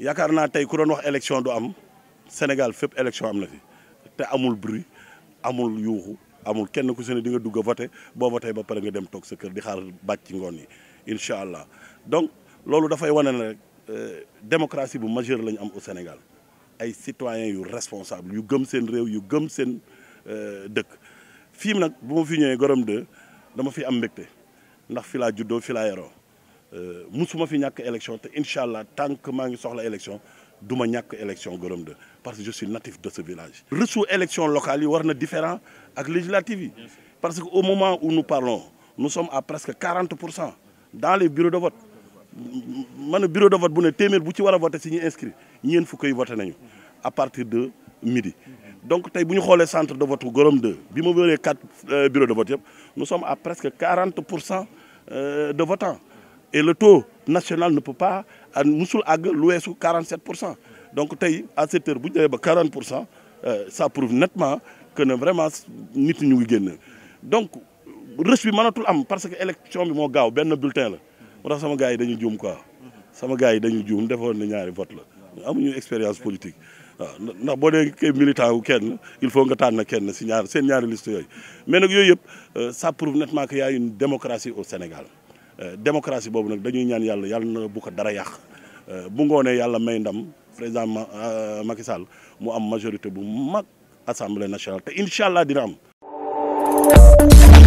Il y a ku doon wax du am Sénégal fépp élection am fi amul bruit amul yuuxu amul kenn ku si di nga a ba nga dem di xaar ci donc loolu dafay wane euh, démocratie bu majeure am au Sénégal ay citoyens yu responsable yu gëm seen réew yu gëm seen euh, dëkk fii nag bu fi ñëwee Gorom 2 dama euh, musuma fi ñak élection te inshallah tant que ma ngi soxla élection y ñak élection Gorom 2 parce que je suis natif de ce village. reçu élection locale yi warna différent ak législative parce qu'au moment où nous parlons nous sommes à presque 40 dans les bureaux de vote man bureau de vote bu ne téeméer bu ci wara voter inscrit ñeen fukk yi nañu à partir de midi. donc tay vous xolé centre de vote Gorom 2 bima quatre euh, bureaux de vote nous sommes à presque 40 euh, de votants et le taux national ne peut pas euh, musul ag lu weesu 47 donc à cette heure bu 40 euh, ça prouve nettement que ne vraiment nit ñu ngi génn donc je bi là am parce que l'élection bi mo gaaw Ben bulletin la moo sama gars yi dañu juum quoi sama gars yi dañu juum defoon na ñaari vote la amuñu expérience politique ndax boo dee kay militant kenn il faut nga tànn kenn si ñaar seen ñaari liste yooyu mais nag yooyu yëpp euh, ça prouve nettement que y a une démocratie au Sénégal Euh, démocratie boobu nag dañuy ñaan yàlla yàlla na bu ko dara yàq euh, bu ngoonee yàlla may ndam président euh, Macky Sall mu am majorité bu mag assemblée nationale te incha allah dina am.